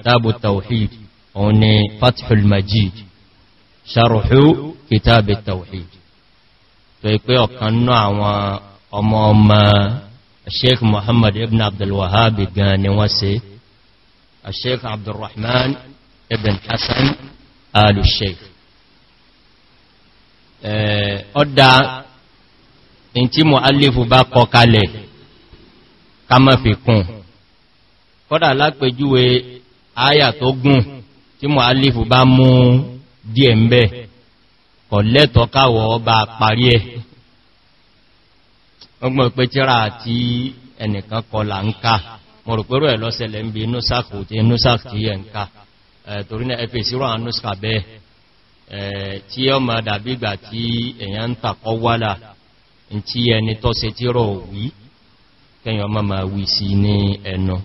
kitabu tawhid òun ni fathul majid ṣarùhú kitabu tawhid tó ipé ọ̀kan náà àwọn ọmọ ọmọ sheikh muhammad ibn abdulwahabi gan ni wọ́n se sheikh abdulrahman ibn hassan al-sheikh ọ̀dá in tí mo alifu bá kọ kalẹ̀ ká má fi kún kọ́dà lápẹjúwe aya tó gùn tí mo alífù bá mú díẹ̀ ń bẹ́ kọ̀ lẹ́tọ̀ káwọ̀ ọba parí ẹ̀ ọgbọ̀n pé tíra àti ẹnìkan kọlà ń ká mọ̀ ẹ̀ lọ́sẹ̀lẹ̀ ń bí nusakh tí nusakh ma kẹyàn ma sí ní ẹnu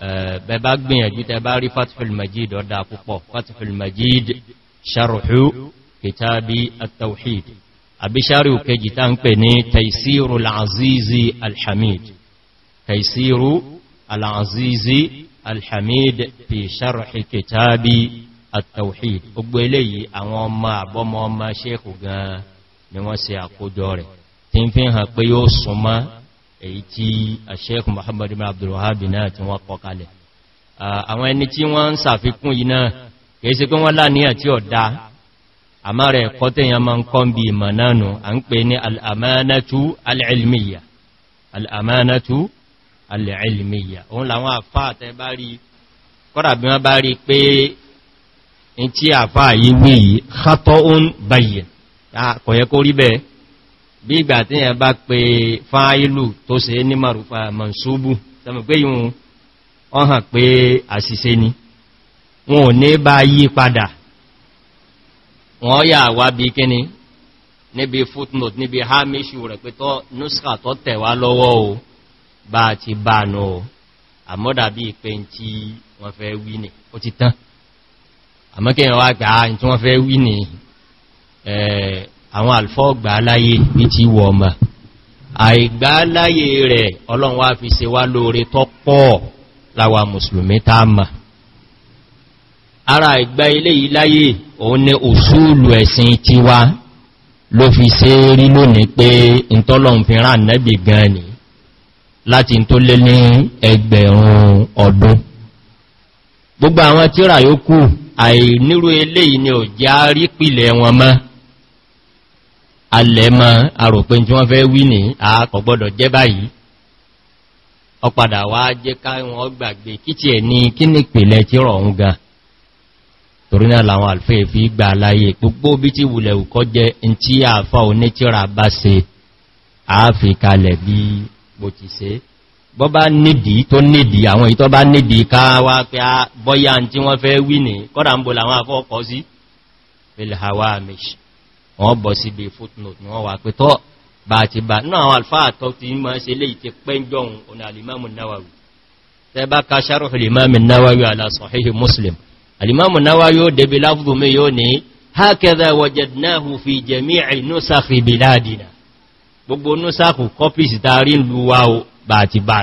Eh, bẹba gbìyànjú tẹ bá rí fatihul majid ọ̀dá púpọ̀ fatihul majid ṣarùhú kìtàbí at-tawhid àbí ṣarù kejì tá ń pè ní taisiru al'azizi alhamid taisiru al'azizi alhamid fi ṣarùhí kìtàbí at-tawhid gbogbo eléyìí àwọn ọmọ àbọ́mọ ọmọ ṣékù gan ni wọ́n ṣe àkójọ rẹ̀ tí ń fi hàn pé yóò súnmọ́ èyí tí Sheikh Muhammad ibn Abdul Wahhab náà tí wọ́n kọ kalẹ̀ àwọn ẹni tí wọ́n ń sàfikún yìí náà kìí sí pé wọ́n láníyàn tí ó dá àmá rẹ̀ kọ́tẹ̀yàn ma ń kọ́ bí ìmọ̀ náà nù à ń pè ní al-amanatu al-ilmiyya al-amanatu al-ilmiyya òun làwọn àfá àtẹ́ bá rí kọ́dà bí wọ́n bá rí pé in tí àfá yìí wí yìí khata'un bayyin kò yẹ kó rí bẹ́ẹ̀ bí ìgbà tí yẹn bá pe fáìlù tó ṣe ní marufa mansubu tàbí pé yíò wọ́n hàn pé àṣìṣe ni wọn ò ní bá yí padà wọ́n yà wá bí kíni níbi footnote níbi hamishu rẹ̀ pé tọ́ nuska tọ́ tẹ̀wá lọ́wọ́ o bá ti bá nù o àmọ́dà bí ìpé tí wọ́n fẹ́ wí ní ó ti tán àmọ́kẹ́ wọ́n wá gbà àwọn alfọ́gbà aláyé bí ti wọ ọmọ àìgbà aláyé rẹ̀ ọlọ́run wá fi ṣe wá lóore tọ́ pọ̀ láwa mùsùlùmí táàmà ara ìgbà ilé yìí láyé òun ni òṣùlù ẹ̀sìn tiwa ló fi ṣe rí lónìí pé ìtọ́lọ̀un fi rán nẹ́bì gan ni láti tó lé ní ẹgbẹ̀rún ọdún gbogbo àwọn tíra yóò kú àìnírú eléyìí ni ò já rí pìlẹ̀ wọn mọ́ alẹ́mọ́ àròpin tí wọ́n fẹ́ wí ní àkọ̀gbọ́dọ̀ jẹ́ báyìí ọ̀padà wá jẹ́ káwọn gbàgbé kí tí ẹ̀ ní kí ní pèlẹ̀ tí rọ̀ ń ga torí náà làwọn alfẹ́ fi gbà aláyé gbogbo bí tí wùlẹ̀ ùkọ́ jẹ́ in tí àfá onítìrà bá se àáfikalẹ̀ bí bó wọ́n bọ̀ síbi footnote wọ́n wà pé tọ́ bá ti bá náà àwọn alfáà tọ́ ti mọ́ sí lè ti pẹ́jọun ọ̀nà alìmọ́mù náwàwí tẹ́bá ka sharh alìmọ́mù náwàwí ala sahihi muslim bá ti bá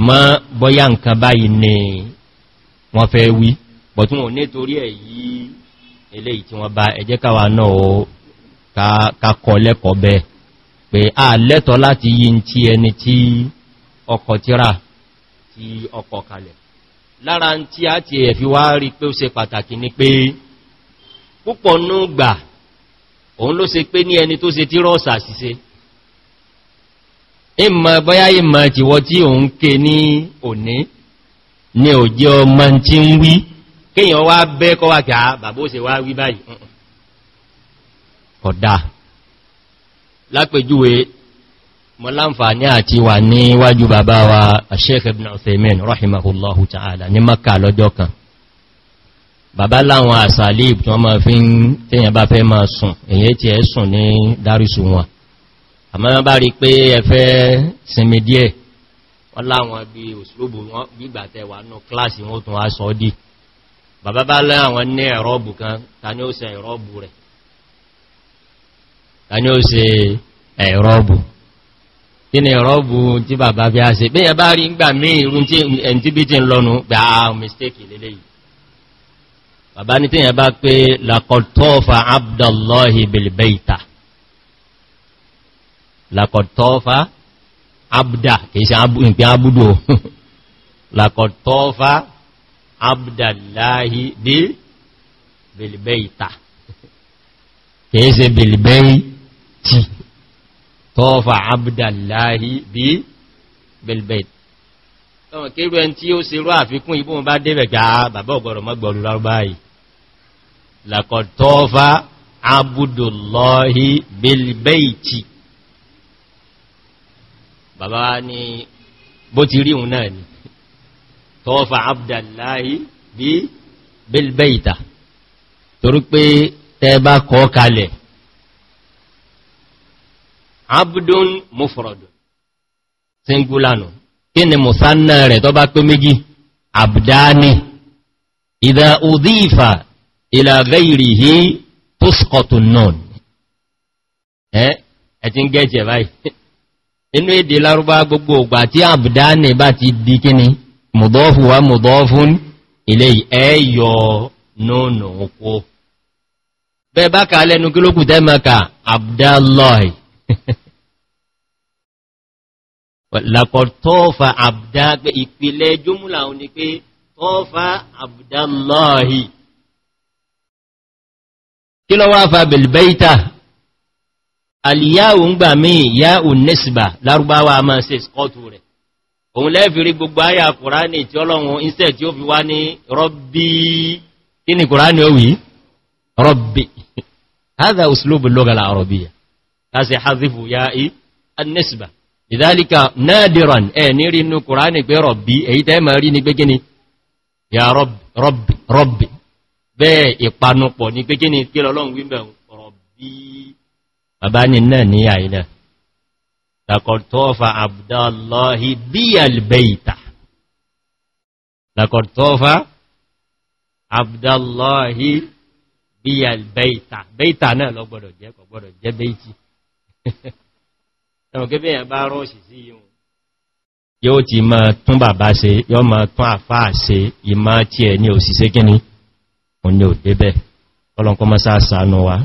àmọ́ bọ́yá nǹkan báyìí ni wọ́n fẹ́ wí bọ̀tún nítorí ẹ̀ eléyìí tí wọ́n bá ẹjẹ́ káwà náà kakọ lẹ́kọ̀ọ́ bẹ pé a lẹ́tọ̀ láti yí tí ẹni tí ọkọ̀ tíra tí ọkọ̀ kalẹ̀ lára tí a ti ẹ̀fí wá rí pé ó se pàtàkì ni pé púpọ̀ núgbà òun ló ṣe pé ní ẹni tó ṣe tí rọ́ọ̀sà ṣiṣẹ́ ìmọ̀ bọ́yá ìmọ̀ tìwọ́ tí òun ké ní òní ni òjẹ́ ọmọ tí ń wí kíyàn wá bẹ́ kọ́ wà kìá bàbó ṣe wá wí báyìí ọ̀dá lápẹjúwe mọ́ láǹfààní àti wà níwájú bàbá wa Sheikh Ibn Uthaymin rahimahullahu ta'ala ní Makkah lọ́jọ́ kan bàbá láwọn àsàlìb tí wọ́n máa fi ń tẹ́yàn bá fẹ́ máa sùn èyí tí ẹ sùn ní dárísù wọn àmọ́ bá rí pé ẹfẹ́ sinmi díẹ̀ wọ́n láwọn bí òṣìlóbò wọn gbígbàtẹ̀wà náà kíláàsì wọn tún wá sọ́ọ́dì bàbá bá lẹ́ àwọn ní ẹ̀rọ́bù kan ta ni ó ṣe ẹ̀rọ́bù rẹ̀ ta ni ó ṣe ẹ̀rọ́bù kí ni ẹ̀rọ́bù tí bàbá bí a ṣe bí ẹ bá rí ń gbà mí irun tí ẹn tí bí ti ń lọ́nu gbà mistake lélẹ̀ yìí bàbá ní tí yẹn bá pé lakọ̀tọ́fà abdullahi bilbeita lakọ̀tọ́fà abdallahi dé bilibẹ́ ìta kìí ṣe bilibẹ́ tí tọ́fà abdallahi bí bilibẹ́ ìta tọ́wọ̀n kérú ẹn tí ó ṣe rú àfikún ibùn bá débẹ̀ gá ah, bàbá ọ̀gbọ̀rọ̀ mọ́gbọ̀rù lárúbáyìí laqad tọ́fà abdullahi bilibẹ́ ìtì bàbá ní bó ti rí òun náà ni tọ́fà abdullahi bí bilbeita torí pé tẹ́ẹ̀bá kọ́ kalẹ̀ abdun mufrodun singulanu kí ni musanna rẹ̀ tọ́ bá pé méjì abdani ìdá udífà ìlà gẹ́ìrìhí tuskotun náà ẹ́ ẹ̀tí ń gẹ́ẹ̀jẹ̀ báyìí inú èdè lárúbá gbogbo ògbà tí abdani bá ti di kíni mọ̀dọ́fù wa mọ̀dọ́fún ilé ẹ̀yọ nónà oko bẹ́ bá ká lẹ́nu kí ló kù tẹ́maka abdullahi lakọ̀tọ́fà abdágbé ìpìlẹ̀ jùmúlà òní pé tọ́fà abdullahi kí lọ wá fa bilbaita aliyahu ń gbà mí yá ò lárúbáwà máa se skọ́tù rẹ̀ òun lẹ́fìrí gbogbo ayà kùránì tí ọlọ́run instead tí ó fi wá ní rọ́bí kí ni kùránì ó wí rọ́bí hádà òsìlóbù lọ́gàlà àrọ̀bíyà láti hazifu ya i annisba ìdálíkà nadiran ẹ ní rí inú kùránì pé rọ́bí èyí tẹ́ ma rí ní pé kíni ya rọ́bí bẹ́ẹ̀ ìpanupọ̀ ní pé kíni kí lọ́lọ́run lakọ̀tọ́fà abdullahi bí albeita lakọ̀tọ́fà abdullahi bí albeita beita náà lọ gbọ́dọ̀ jẹ́ kò gbọ́dọ̀ jẹ́ beiti ẹ̀wọ̀n gẹ́gẹ́ yẹn bá rọ́ọ̀ṣì sí yíò yóò ti ma tún bàbá ṣe yóò ma tún àfáà ṣe ìmá tí ẹ ní òsìsẹ́ gíní òun ni ò débẹ̀ ọlọ́nkọ́ mọ́sáàsánú wa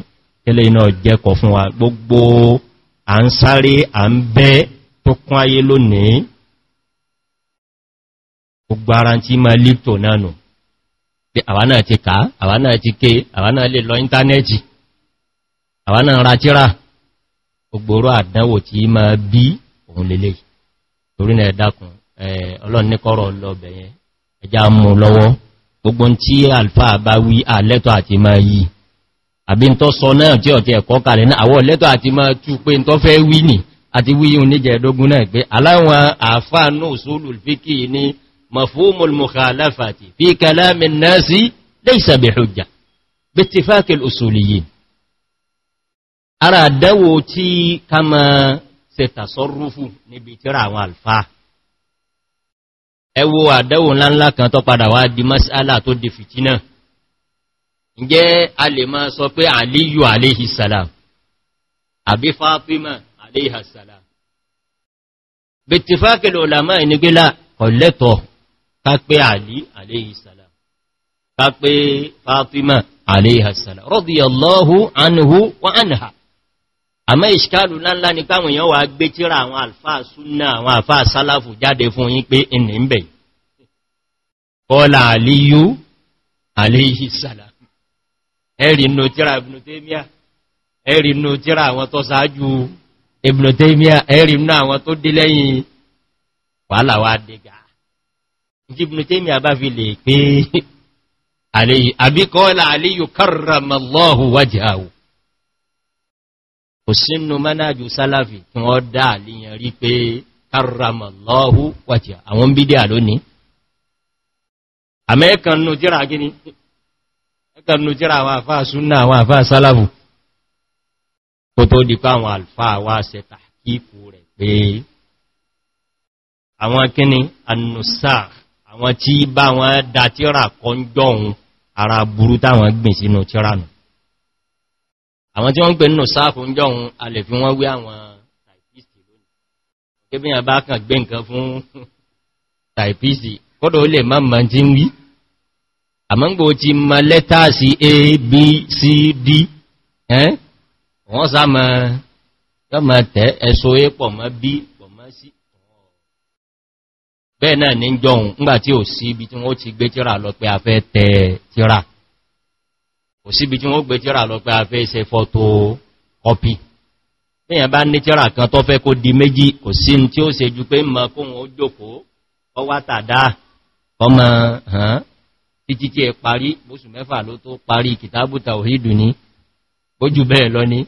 kẹ́lẹ̀ iná jẹ́kọ̀ fún wa gbogbo à ń sáré à ń bẹ́ tó kún ayé lónìí gbogbo ara tí ma líptò náà nù pé àwa náà ti ká àwa náà ti ké àwa náà lè lọ íńtánẹ́ẹ̀tì àwa náà ra tíra gbogboro àdánwò tí ma bí òun lélẹ̀ torí náà dákun ọlọ́run ní ẹjá mú lọ́wọ́ gbogbo tí alfa bá wí àlẹ́tọ̀ àti ma yìí àbí tó sọ náà tí ọ̀tí ẹ̀kọ́ kalẹ̀ náà àwọ̀ lẹ́tọ̀ àti máa tú pé tó fẹ́ wí nì àti wí yíò níjẹ̀ ẹ̀dógún náà pé aláwọn àfáà náà sólùl fíkì ní mafhumul mukhalafati fi kalamin nasi laysa bi hujja bittifaqil usuliyyin ara àdẹ́wò tí ká ma ṣe tàṣọ́rúfù níbi tíra àwọn ǹjẹ́ a lè máa sọ pé àlíyù àléhìsàlám àbí fátímà àléhìsàlám bètìfákèlò olàmá ìnigbélà ọ̀lẹ́tọ̀ ká pé àlí àléhìsàlám ká pé fátímà àléhìsàlám radiyallahu anhu wa anha àmọ́ ìṣkálù láńlá ni káwọn èèyàn wà gbé tíra àwọn alfáà súnnà àwọn alfáà sálàfù jáde fún yín pé ìnìyàn ẹ̀rì inú tíra Ibn Taymiyyah ẹ̀rì inú tíra àwọn tó sáájú Ibn Taymiyyah ẹ̀rì inú àwọn tó dé lẹ́yìn wàhálà wá dégà Ibn Taymiyyah bá fi lè pé àbíkọ́ọ́lá Aliyu karramallahu wajhahu kò sínú mánájú sálàfì kí wọ́n dá àlìyàn rí pé karramallahu wajhahu àwọn bídí àlónìí àmẹ́ẹ̀kan nù tíra kanú tíra àwọn àfáà súnnà àwọn àfáà sálàfù kò tó dìkọ́ àwọn àlfáà wá ṣe tàkíkù rẹ̀ pé àwọn kíni annusa àwọn tí bá wọn dá tíra kọjọ́ ohun ara burú táwọn gbìn sínú tíra nù àwọn tí wọ́n ń pè nínú sáàfù ń a lè fi wọ́n wé àwọn tàìpìsì lónìí kébìyàn bá kàn gbé nǹkan fún tàìpìsì kọ́dọ̀ ó lè má mọ́ tí ń wí àmọ́ngbò ti mọ lẹ́tàsí a b c d ẹ́n wọ́n sá mọ́ ma tẹ́ ẹ̀sọ a pọ̀ mọ́ b pọ̀ mọ́ sí bẹ́ẹ̀ náà ní jọun ò sí ibi tí wọ́n ti gbé tíra lọ pé a fẹ́ tẹ tíra ò sí ibi wọ́n gbé tíra lọ pé a ṣe fọ́tò bá ní tíra kan tó di méjì kò sí tí ó ṣe ju pé mọ́ kóhun ó jókòó ọmọ títí tí ẹ parí bóṣù mẹ́fà ló tó parí kìtàbù tàwhídù ní bójú bẹ́ẹ̀ lọ ní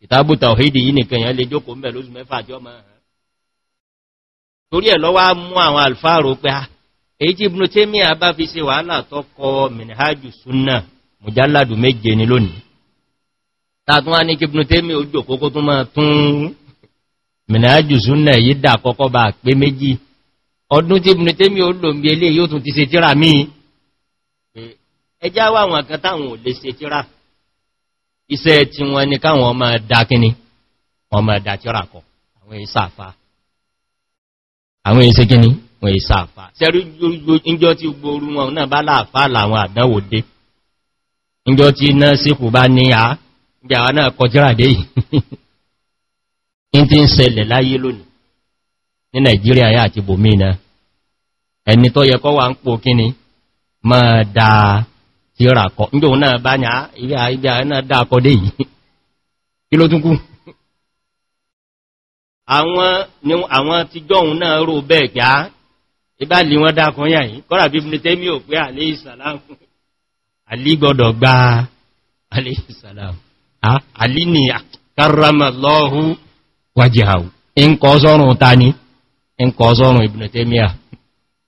kìtàbù tàwhídù yìí nìkan yẹn lè jókòó mẹ́ lóṣù mẹ́fà tí ọmọ ẹ̀hàn torí ẹ̀ lọ́wọ́ mú àwọn alfáàrò pé ah, ni lónìí tàtún wá ní kí Ibn Taymiyyah ojú máa tún minhajus sunnah yìí dà kọ́kọ́ bá pé méjì ọdún tí Ibn Taymiyyah ó lò tún ti ṣe tíra míì ẹjá wà àwọn kan táwọn ò se ṣe tíra iṣẹ́ tí wọ́n ní káwọn ọmọ ẹ̀dà kíní ọmọ ẹ̀dà kọ àwọn ìsáàfà àwọn iṣẹ́ kíní wọ́n ìsáàfà sẹ́rí ìjọ tí gbóorú wọn náà bá láàfà làwọn àdánwò dé ìjọ tí náà síkù bá ní à yìí ẹni tó ń pò kíni máa yọ́ra kọ̀ nígbò náà bá ní ìyá ìjà náà dákọ̀ dé yìí kí ló tún kú àwọn ti jọun náà rò bẹ́ẹ̀ gá ibá lè wọ́n dákọ̀ yà yìí kọ́rà bí fún tẹ́mí ò pé àlé ìsàlámù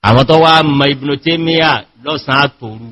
àwọn tó wá lọ́sàn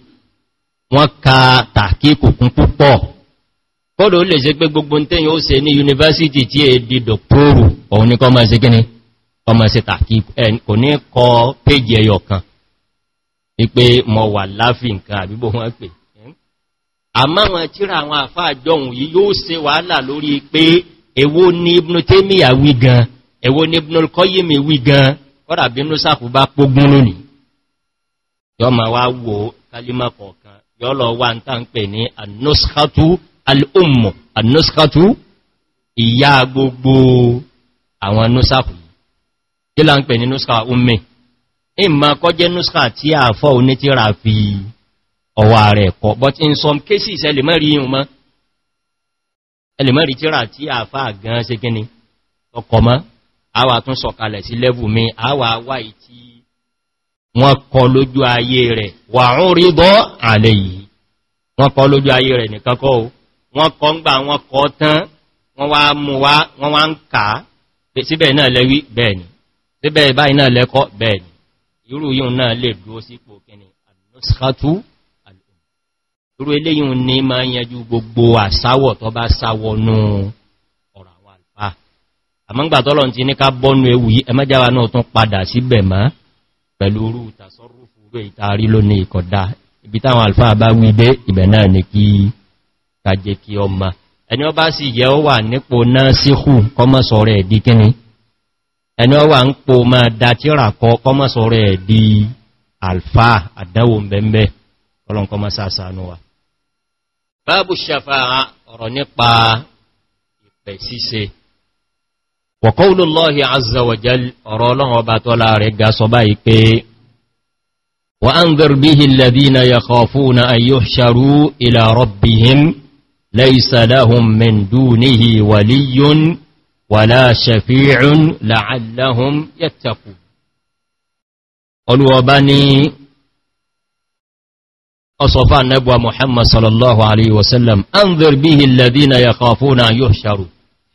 wọ́n ka tàkíkù kún púpọ̀ kódò ó lè ṣe pé gbogbo tẹ́yìn ó ṣe ní yunifásitì tí è di dọ̀pọ̀rù òun ní kọmọ̀ sí gíní kọmọ̀ sí tàkíkù kò ní kọ péjì ẹyọ kan wípé mọ̀ wà láfí nǹkan àbíbò wọ́n pè àmá wọn tíra àwọn àfá àjọhùn yìí yóò ṣe wàhálà lórí pé èwo ní ibnu tẹ́míyà wí gan èwo ní ibnu kọ́yìmì wí gan kọ́dà bínú sàkúbá pógún lónìí yọ́ ma wá wo kálímà yọ́lọ̀ wà ń tàn pè ní anúskátú al'ummu anúskátú ìyá gbogbo àwọn anúsàkù kí là ń pè ní núskà umme ìmá kọ́ jẹ́ núskà tí a fọ́ oní tí ra fi ọwà rẹ̀ kọ́ but in some cases ẹlẹ̀mọ́rí yìí mọ́ ẹlẹ̀mọ́rí tí ra tí a fà gan ṣe kíni ọkọ̀ mọ́ àwà tún sọ̀kalẹ̀ sí lẹ́vù mi àwà wà ìtí wọ́n kọ lójú ayé rẹ̀ wà ń rí bọ́ àlẹ́ yìí wọ́n kọ lójú ayé rẹ̀ nìkan kọ́ o wọ́n kọ ń gbà wọ́n kọ tán wọ́n wá mú wá wọ́n wá ń kà á síbẹ̀ náà lẹ́wí bẹ́ẹ̀ni síbẹ̀ báyìí náà lẹ́kọ́ bẹ́ẹ̀ni irú yíun náà lè dúró sípò kíni al-nuskatu irú eléyìn ní ma ń yanjú gbogbo àsáwọ̀ tó bá sáwọnú ọ̀rọ̀ àwọn àlùfáà àmọ́ngbà tọ́lọ̀ ti ní ká bọ́nu ewu yìí pẹ̀lú orú tàṣọ́rúfú rẹ̀ ìtaari ló ní ìkọ̀dá ibi táwọn alfáà bá wídé ibẹ̀ náà ní kí kàjẹ kí ọmọ ẹni ọ bá sì yẹ ọ wà nípò náà síkù kọmọ́sọ rẹ̀ di kíni ẹni ọ wà ń po ma dátíra kọ kọmọ́sọ rẹ̀ di وقول الله عز وجل رولون وباتولا رقاص بايك وأنذر به الذين يخافون أن يحشروا إلى ربهم ليس لهم من دونه ولي ولا شفيع لعلهم يتقون قلوا وباني أصفى النبوة محمد صلى الله عليه وسلم أنذر به الذين يخافون أن يحشروا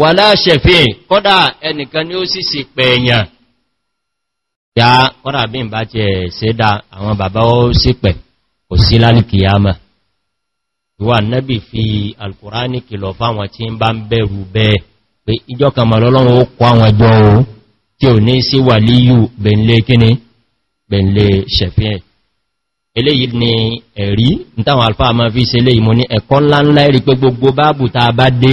wà láṣẹ̀fíìn kọ́dà ẹnìkan ni ó sì sì pẹ̀ẹ̀yàn ya kọ́dà bí n bá ti ẹ̀ ṣẹ́dá àwọn bàbá ó sì pẹ̀ kò sí lálìkìyàmà ìwà nẹ́bì fi alkùránì kìlọ̀ fáwọn tí ń bá ń bẹ̀rù bẹ́ẹ̀ pé ìjọ kàmà lọ́lọ́run ó kọ àwọn ẹjọ́ o tí ò ní eléyìí ni ẹ̀rí ní táwọn alfáà máa fi ṣe eléyìí mo ní ẹ̀kọ́ ńláńlá ẹ̀rí pé gbogbo báàbù ta bá dé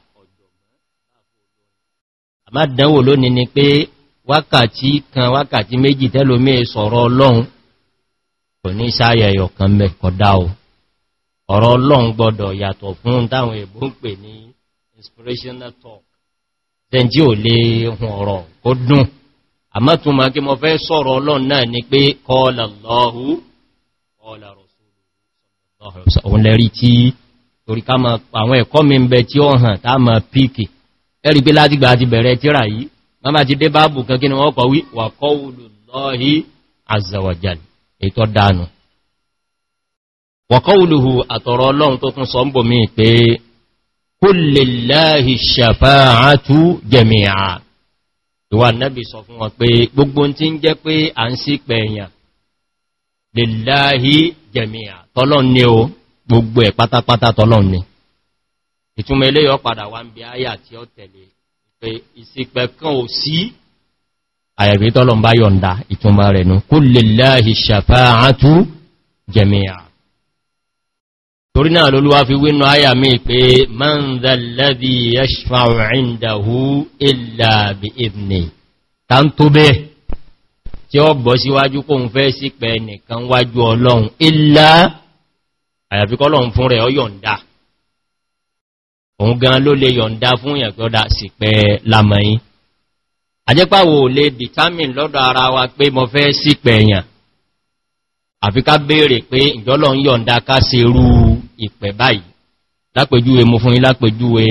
àmá dánwò lónìí ni pé wákàtí kan wákàtí méjì tẹ́lómí sọ̀rọ̀ ọlọ́run kò ní sáyẹyọ kan mẹ́kọ̀dá o ọ̀rọ̀ ọlọ́run gbọ́dọ̀ yàtọ̀ fún táwọn èbó pè ní inspirational talk tẹ́njí ò lè hun ọ̀rọ̀ kó dùn àmọ́ tún ma kí mo fẹ́ sọ̀rọ̀ ọlọ́run náà ni pé qala Allahu qala ẹ̀rì pé láti gbà àti bẹ̀rẹ̀ tíra yìí wọ́n bá ti dé báàbù kan kí ni wọ́n kọ̀ wí wà qawlu Allahi azza wa jalla ètò dánù wa qawluhu àtọ̀rọ̀ ọlọ́run tó tún sọ ń pé kul lillahi shafa'atu jami'a ìwà ni ìtúnmọ̀ ilé yọ padà wá ń bí áyà tí ó tẹ̀lé pé ìsìpẹ̀ kan ò sí àyàbí tọ́lọ̀ bá yọ̀nda ìtúnmọ̀ rẹ̀ nù kulli lillahi shafa'atu jami'a torí náà lólúwá fi wínú áyà mí pé man dhalladhi òun gan ló lè yọ̀ǹda fún yàn pé ó dá sì pẹ lamọ̀yìn àjẹ́pàwò lè determine lọ́dọ̀ ara wa pé mo fẹ́ sí pẹ̀yàn àfi ká béèrè pé ìjọ́lọ̀ ń yọ̀ǹda ká ṣe irú ìpẹ̀ báyìí lápèjúwe mo fún yín lápèjúwe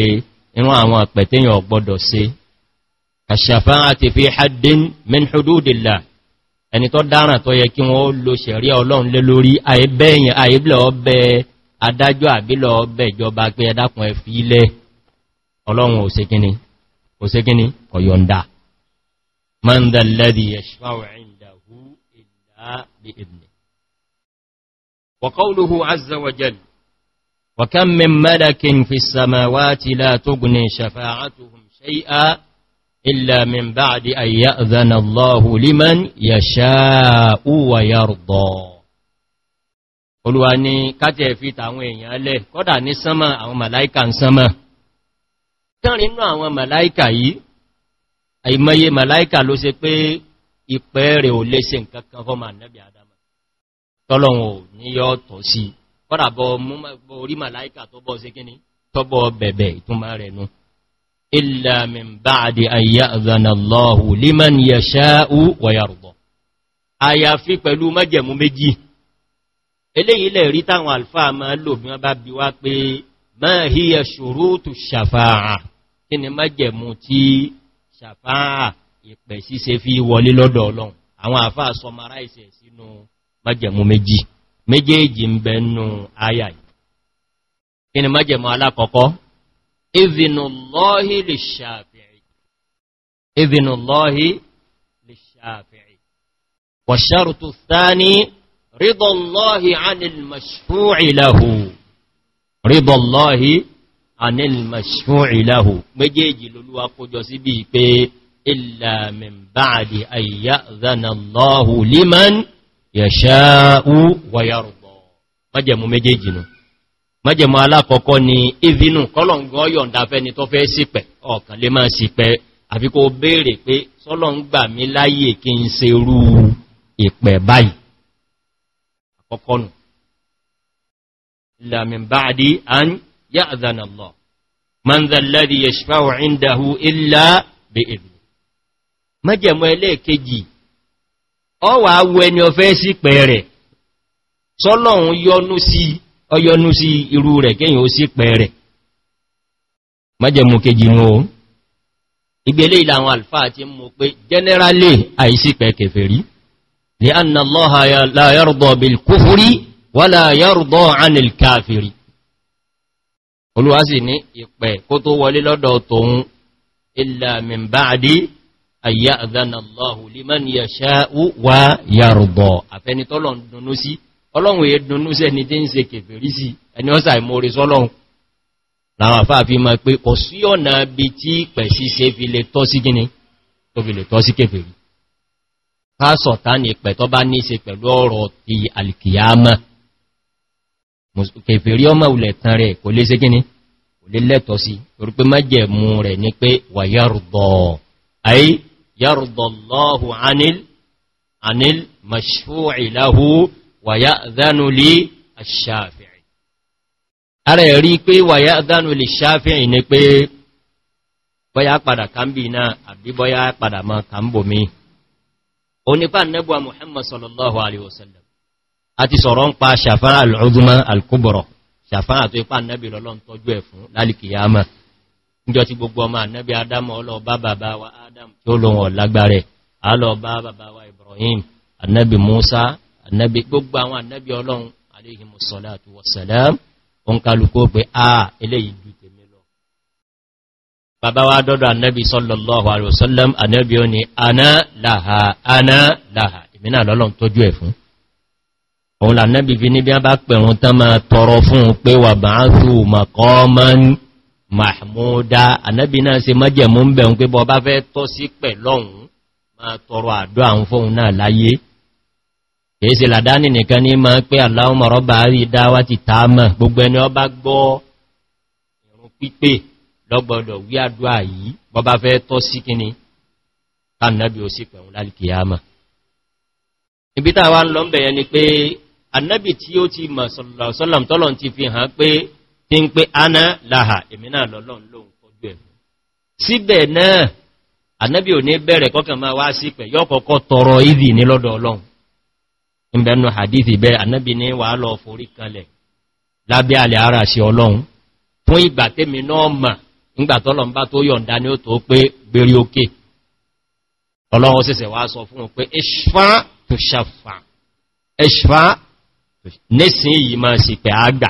irun àwọn ìpẹ̀ téèyàn ò gbọ́dọ̀ ṣe ash-shafa'ati fi haddin min hududillah ẹni tó dáràn tó yẹ kí wọ́n lo ṣẹ̀rí ọlọ́run lé lórí àìbẹ́yìn àìbẹ̀ ọbẹ̀ adájọ́ àbílọ̀ bẹ̀jọba pé ẹdákun ẹ fi ilẹ̀ ọlọ́run òsèkíní òsèkíní ọ̀yọ̀ndà mọ́ndàlẹ́dì ẹ̀ṣfáwà ìndàhú ìdá bí ìdìní وقوله عز وجل وكم من ملك في السماوات إلا من بعد أن يأذن الله لمن يشاء ويرضى olúwa ni kájẹ̀ fi tàwọn èèyàn lẹ̀ kọ́dà ní sánmà àwọn màláíkà ń sánmà tánrin náà àwọn màláíkà yìí àìmọye màláíkà ló ṣe pé ìpẹ́ rẹ̀ ò lè ṣe nǹkan kan fọ́mà nẹ́bí adama tọ́lọ̀wọ̀n ò ní yọ́ tọ̀ sí kọ́dà bọ orí màláíkà tó bọ́ ṣe kíní tọ́bọ̀ bẹ̀bẹ̀ ìtúnmà rẹ̀ nu illa min pẹ̀lú májẹ̀mú méjì eléyìí lè rí táwọn alfáà ma lò bí wọ́n bá bí wá pé ma hiya shurutu shafa'a kí ni májẹ̀mú tí shafa'a ìpẹ̀ síse fi wọlé lọ́dọ̀ ọlọ́run àwọn àfáà summarize sínú májẹ̀mú méjì méjèèjì ń bẹ nú àyà yìí الثاني rídọ̀lọ́hì anilmashúìláhù méjèèjì lolúwa kójọ sí bí pé ìlàmìn báàdì àyíyá zanàlọ́hù liman yẹ̀ṣáú wayarùbọ̀ májẹ̀mú méjèèjì nù májẹ̀mú alákọ̀ọ́kọ́ ni ìvinú kọ́lọ̀ngọ́ yọ̀ǹda fẹ́ni tó fẹ́ sípẹ̀ ọ̀kan lè máa sípẹ̀ àfikò béèrè pé sọ́lọ̀ ń gbà mí láyé kí ń ṣe rú ìpẹ̀ báyìí kọkọnù ìlàmìn báàdì an yá àzánàlọ́ manzalladi ya ṣfáwà ìndahu illa bí ìlú mẹ́jẹ̀mọ́ ẹlẹ́ẹ̀kejì ọ wà awọ ẹni ọfẹ́ sí pẹ̀ẹ̀rẹ̀ sọ́lọ́run yọnú sí ọyọnú sí irú rẹ̀ kẹ́yìn ó sí pẹ̀ẹ̀rẹ̀ mẹ́jẹ̀mọ́ kejì ní ohun ìgbélé ìlànà alfáà لأن الله لا يرضى بالكفر ولا يرضى عن الكافر Olúwa sì ní ìpẹ̀ kó tó wọlé lọ́dọ̀ tòun illa min ba'di an ya'dhana Allahu liman yasha'u wa yarda. Àfẹni tọ́lọ̀ ń sí, ọlọ́run èé dunnú sí ẹni tí ń ṣe kèfèrí sí, ẹni ọ́sà ìmórí sọ́lọ́run. Láwọn àfáà fásọ̀tá ní ìpẹ̀ tó bá ní ṣe pẹ̀lú ọ̀rọ̀ ti alìkìyàmá kèfèrí ọmọ ulẹ̀ tán rẹ̀ kò lè ṣe gíní kò lè lẹ́tọ̀ sí orí pé májẹ̀mú rẹ̀ ní pé wà yárùdọ̀ ayé bọ́yá padà kàmbì náà àbí bọ́yá padà mọ́ kàmbò mi onípa nẹ́bùwa muhammad sallallahu alaihi wasallam a ti sọ̀rọ̀ ń pa ṣàfárá al'udhma al-kubra ṣàfárá tó ipá nẹ́bì lọ́lọ́n tọ́jú ẹ̀ fún lálìkìyàmà níjọ tí gbogbo ọmọ nẹ́bì adamu ọlọ́ọ̀bá bàbá wa adam tí ó lóhun lágbàrẹ̀ alọ́ọ̀bá bàbá wa ibrahim annabi musa bàbá wá dọ́dọ̀ annabi sallallahu alaihi wasallam annabi o ni ana laha ana laha ìmìnà lọ́lọ́n tójú ẹ̀ fún òun lànàbì fi ní bí a bá pẹ̀rún tán máa tọrọ fún un pé wà bá ń fú maqaman mahmuda annabi náà ṣe májẹ̀mú ń bẹ̀rún pé bọ́ bá fẹ́ tọ́ sí pẹ̀lọ́hun lọ́gbọ̀dọ̀ wí àdúà yìí bọba fẹ́ tọ́ sí kíní tánàbí ó sì pẹ̀hún lálìkìyàmà ibi tàà ń lọ bẹ̀yẹn ni pé annabi tí ó ti mọ̀ sọ́lọ̀m tọ́lọ̀n ti fi hàn pé tí ń pé aná láhà èmi náà lọ́lọ́n lóhun kọjú ẹ̀ síbẹ̀ náà annabi ò ní bẹ̀rẹ̀ kọ́kàn máa wá sí pẹ̀ yọ́ kọ́kọ́ tọrọ ìdì ní fún ìgbà tẹ́mi náà mà ńgbàtọ́lọ̀ ń bá tó yọ̀nda ní ó tó pé gbèrí òkè ọlọ́run sẹ́sẹ̀ wá sọ fún pé ẹṣfà tó ṣàfà ẹṣfà nísìn yìí máa sì pẹ̀ àgbà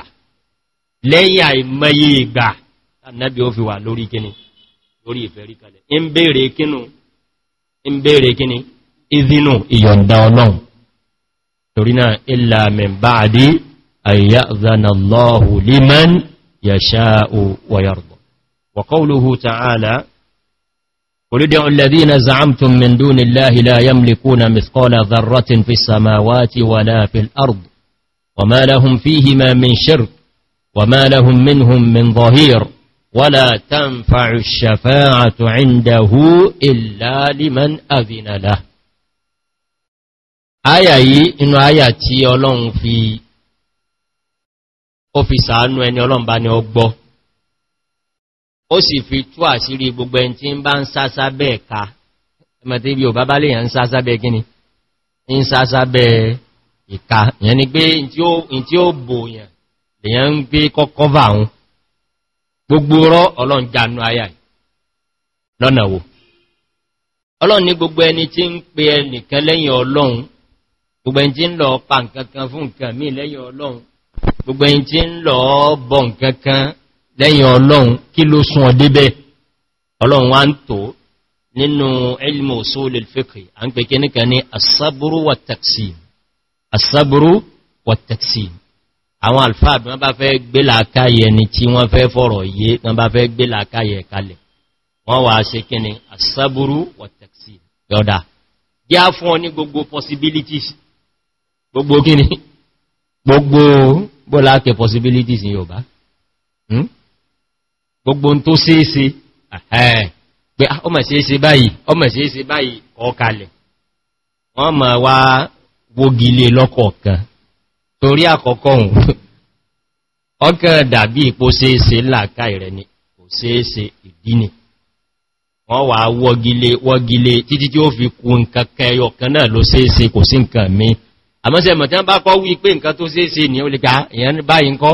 lẹ́yìn àìmọye ìgbà tàbí ó fi wà lórí kíni lórí ìfẹ̀rí kalẹ̀ ń wa yarda وقوله تعالى قل ادعوا الذين زعمتم من دون الله لا يملكون مثقال ذرة في السماوات ولا في الأرض وما لهم فيهما من شرك وما لهم منهم من ظهير ولا تنفع الشفاعة عنده إلا لمن أذن له آية إن آية تي أولون في أوفيسان وإن أن أولون باني أقبه ó sì fi tú àṣírí gbogbo ẹni tí ń bá ń sásá bẹ́ẹ̀ ká ẹmọ̀tí bí ò bá bá lè yàn ń sásá bẹ́ẹ̀ kíni ń sásá bẹ́ẹ̀ ìka yẹn ni pé in tí ó bòyàn lèyàn ń gbé kọ́kọ́ bà ń gbogbo rọ́ ọlọ́n jánu ayà lọ́nà wo ọlọ́n ní gbogbo ẹni tí ń pe ẹnìkan lẹ́yìn ọlọ́run gbogbo ẹni lẹ́yìn ọlọ́run kí ló sún ọdé bẹ́ ọlọ́run wá ń tó nínú ilmu usul al-fiqh a ń pè kí níkan ní as-sabru wat-taqsim as-sabru wat-taqsim àwọn alfáà bí wọ́n bá fẹ́ gbé làákàyè ni tí wọ́n fẹ́ fọ̀rọ̀ yé wọ́n bá fẹ́ gbé làákàyè kalẹ̀ wọ́n wà ṣe kí ni as-sabru wat yọ́dá possibilities gbogbo kí ni gbogbo possibilities ní hmm? gbogbo tó ṣeéṣe pé ọmọ ah, ṣeéṣe báyìí ọmọ ṣeéṣe báyìí ọkàlẹ̀ wọ́n ma wá wógilé lọ́kọ̀ọ̀kan torí àkọ́kọ́ hùn ọkàn dàbí ipò ṣeéṣe láàká ìrẹ̀ ni kò ṣeéṣe ìdíni wọ́n wà wọ́gilé wọ́gilé títí tí ó fi kú nǹkan kẹyọ kan náà ló ṣeéṣe kò sí nǹkan ni ó lè ká èèyàn ah,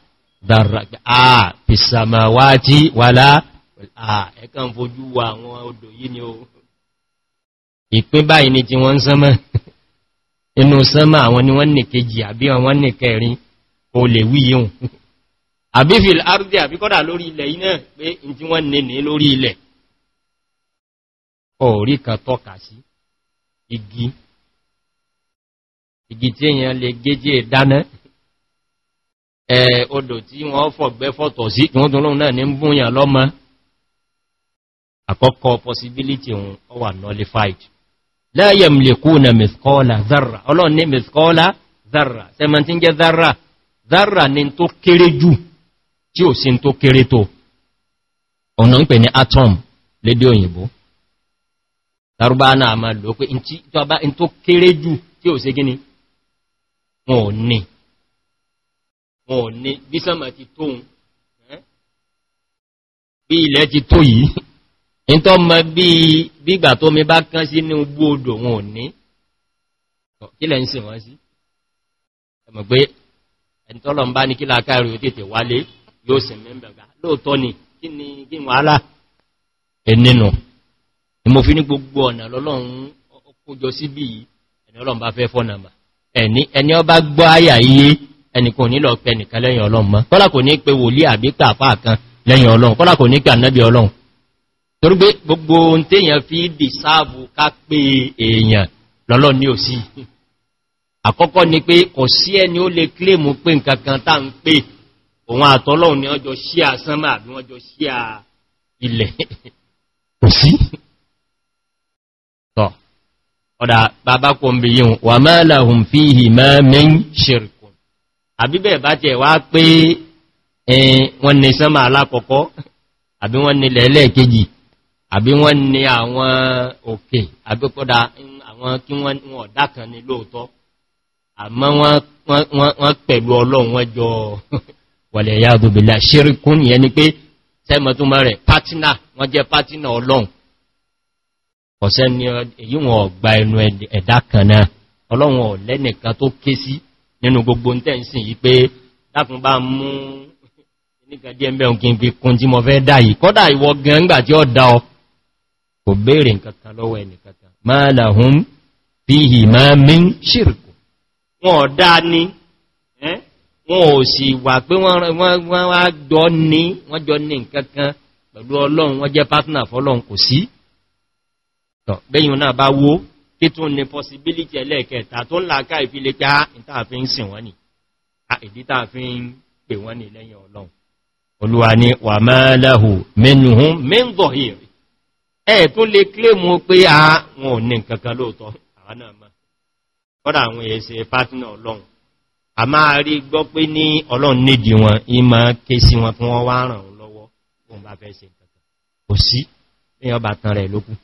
dàràkì àà pìsàmàwájí wàlá àà ẹ̀kàn fojú wa àwọn odò yìí ni o ìpín báyìí ni tí wọ́n ń sánmọ́ inú sánmọ́ àwọn ni wọ́n ní kejì àbí wọ́n ní kẹrin kò lè wíyíun àbí fil ardi àbí kọ́dà lórí ilẹ̀ iná pé in tí wọ́n nìní lórí ilẹ̀ ọ̀rí kan tọ́ka sí igi igi tí èèyàn lè gẹ́jẹ́ dáná odò tí wọ́n fọ̀gbẹ́ fọ́tọ̀ sí tí wọ́n tún lóun náà ní ń búnyàn lọ́mọ àkọ́kọ́ possibility wọn wà nullified la yamlikuna mithqala dharra ọlọ́run ní mithqala dharra sẹ́mọ̀n tí ń jẹ́ dharra dharra ni tó kéré jù tí ò sí tó kéré tó ọ̀nà ń pè ní atom lédè òyìnbó Lárúbá náà máa lò pé in tó kéré jù tí ò sí gíní wọn ò ní wọn ò ní bí sánmà ti tóun bí ilẹ̀ ti tó yìí ní tó mọ bí gbígbà tó mi bá kán sí ní ugbó odò wọn ò ní kílẹ̀ ń sìn wọ́n sí ẹmọ̀ pé ẹni tọ́lọ̀ ń bá ní kílá káàrí ó tètè wálé yóò sì mẹ́bẹ̀gá lóòtọ́ ni kí ni kí wọ́n alá ẹnìnà ni mo fi ní gbogbo ọ̀nà lọ́lọ́run kójọ síbí ẹni ọlọ́run bá fẹ́ fọ́nàmà ẹni ọba gbọ́ àyà yìí ẹnìkan ní lọ pẹ nìkan lẹ́yìn ọlọ́run mọ́ kọ́lá kò ní pé wòlí àbí pàápàá kan lẹ́yìn ọlọ́run kọ́lá kò ní pé ànábì ọlọ́run torí pé gbogbo ohun téèyàn fi dì sáàbù ká pé èèyàn lọ́lọ́ ní òsì àkọ́kọ́ ni pé kò sí ẹni ó lè kílèmù pé nǹkan kan tá ń pè òun àtọ́lọ́run ni wọ́n jọ sí àsánmà àbí wọ́n jọ sí à ilẹ̀ kò sí tọ́ ọ̀dà bàbá kò ń bí yíò wà máa lahum fíhì máa min shirk àbíbẹ̀ bá tẹ̀ wá pé wọ́n ní sánmà alákọ̀ọ́kọ́ àbí wọ́n ní lẹ́ẹ̀lẹ́ẹ̀kejì àbí wọ́n ní àwọn òkè àgbẹ́kọ́dá àwọn kí wọ́n ọ̀dá kan ní lóòtọ́ àmọ́ wọ́n pẹ̀lú ọlọ́run wọ́n jọ wọlẹ̀ ya gbogbo ṣíríkún yẹn ni pé sẹ́mọ̀túnmọ̀ rẹ̀ pátínà wọ́n jẹ́ pátínà ọlọ́run ọ̀sẹ́ ni èyí wọn ọ̀gbà ẹnu ẹ̀dá kan ọlọ́run ọ̀lẹ́nìkan tó ké sí nínú gbogbo tẹ́ǹsìn yìí pé dákùn bá mú nígbàdí ẹgbẹ́ òkè ń fi kún tí mo fẹ́ dá yìí kọ́dà ìwọ gan nígbà tí ó dá ọ kò béèrè nǹkankan lọ́wọ́ ẹnìkankan máa làhún fíhì máa mín ṣírkù wọn ò dá ní wọn ò sì wà pé wọ́n wá jọ ní kí tún ní possibility ẹlẹ́ẹ̀kẹta tó ń làákà ìfilé pé ìtààfin ah, sìn wọ́n ni ah, ìdí tààfin pè wọ́n ni lẹ́yìn ọlọ́run olúwa ni wà máa láhù mẹ́nuhun mẹ́ndọ̀ ìrì ẹ̀ tún lè kílèmù pé a ah, wọn ò ní kankan lóòtọ́ àwọn náà máa kọ́dà àwọn èsẹ̀ pátínà ọlọ́run rẹ̀ lókùn